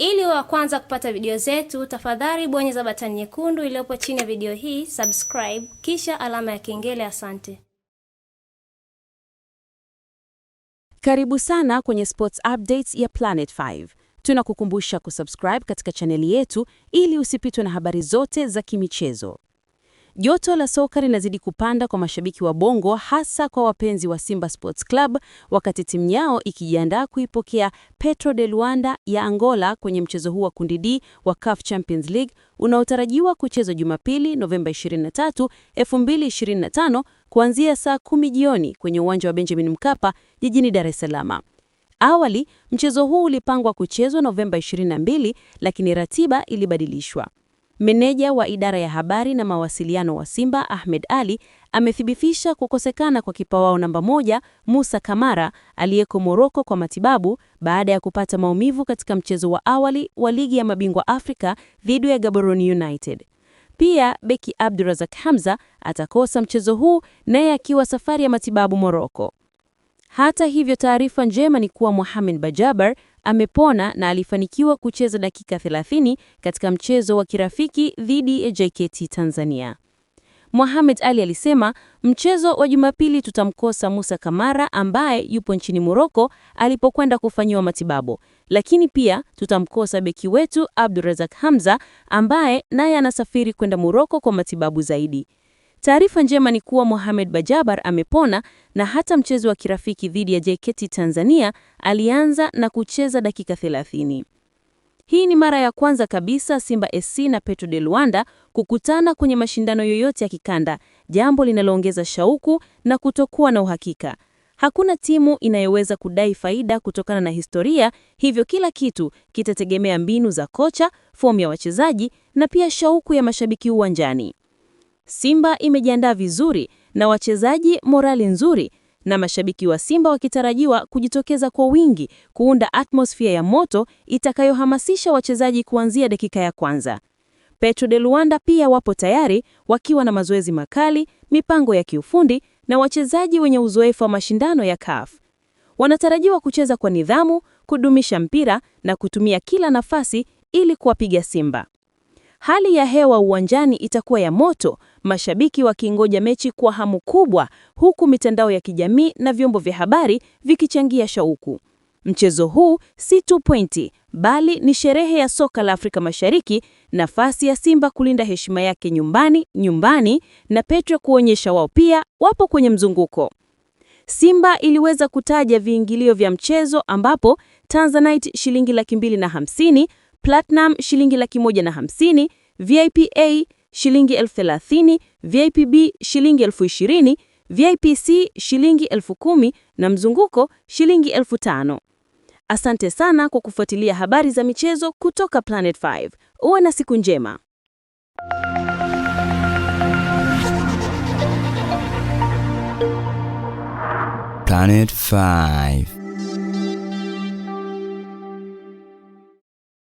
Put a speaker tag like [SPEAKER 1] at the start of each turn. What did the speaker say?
[SPEAKER 1] Ili wa kwanza kupata video zetu, tafadhali bonyeza batani nyekundu iliyopo chini ya video hii subscribe, kisha alama ya kengele. Asante.
[SPEAKER 2] Karibu sana kwenye Sports Updates ya Planet 5. Tunakukumbusha kusubscribe katika chaneli yetu ili usipitwe na habari zote za kimichezo. Joto la soka linazidi kupanda kwa mashabiki wa Bongo, hasa kwa wapenzi wa Simba Sports Club, wakati timu yao ikijiandaa kuipokea Petro de Luanda ya Angola kwenye mchezo huu wa kundi D wa CAF Champions League unaotarajiwa kuchezwa Jumapili, Novemba 23, 2025 kuanzia saa kumi jioni kwenye uwanja wa Benjamin Mkapa jijini Dar es Salaam. Awali mchezo huu ulipangwa kuchezwa Novemba 22, lakini ratiba ilibadilishwa. Meneja wa idara ya habari na mawasiliano wa Simba Ahmed Ali amethibitisha kukosekana kwa kipa wao namba moja Musa Kamara aliyeko Moroko kwa matibabu baada ya kupata maumivu katika mchezo wa awali wa Ligi ya Mabingwa Afrika dhidi ya Gaborone United. Pia beki Abdurazak Hamza atakosa mchezo huu naye akiwa safari ya matibabu Moroko. Hata hivyo, taarifa njema ni kuwa Mohamed Bajaber amepona na alifanikiwa kucheza dakika 30 katika mchezo wa kirafiki dhidi ya JKT Tanzania. Mohamed Ali alisema mchezo wa Jumapili tutamkosa Musa Kamara ambaye yupo nchini Morocco alipokwenda kufanyiwa matibabu, lakini pia tutamkosa beki wetu Abdurazak Hamza ambaye naye anasafiri kwenda Morocco kwa matibabu zaidi. Taarifa njema ni kuwa Mohamed Bajaber amepona na hata mchezo wa kirafiki dhidi ya JKT Tanzania alianza na kucheza dakika 30. Hii ni mara ya kwanza kabisa Simba SC na Petro de Luanda kukutana kwenye mashindano yoyote ya kikanda, jambo linaloongeza shauku na kutokuwa na uhakika. Hakuna timu inayoweza kudai faida kutokana na historia, hivyo kila kitu kitategemea mbinu za kocha, fomu ya wachezaji na pia shauku ya mashabiki uwanjani. Simba imejiandaa vizuri na wachezaji morali nzuri na mashabiki wa Simba wakitarajiwa kujitokeza kwa wingi kuunda atmosphere ya moto itakayohamasisha wachezaji kuanzia dakika ya kwanza. Petro de Luanda pia wapo tayari wakiwa na mazoezi makali, mipango ya kiufundi na wachezaji wenye uzoefu wa mashindano ya CAF. Wanatarajiwa kucheza kwa nidhamu, kudumisha mpira na kutumia kila nafasi ili kuwapiga Simba. Hali ya hewa uwanjani itakuwa ya moto, mashabiki wakingoja mechi kwa hamu kubwa, huku mitandao ya kijamii na vyombo vya habari vikichangia shauku. Mchezo huu si tu pointi, bali ni sherehe ya soka la Afrika Mashariki, nafasi ya Simba kulinda heshima yake nyumbani nyumbani na Petro kuonyesha wao pia wapo kwenye mzunguko. Simba iliweza kutaja viingilio vya mchezo ambapo Tanzanite shilingi laki mbili na hamsini, Platinum shilingi laki moja na hamsini, VIP A shilingi elfu thelathini, VIP B shilingi elfu ishirini, VIP C shilingi elfu kumi na mzunguko shilingi elfu tano. Asante sana kwa kufuatilia habari za michezo kutoka Planet 5. Uwe na siku njema. Planet 5.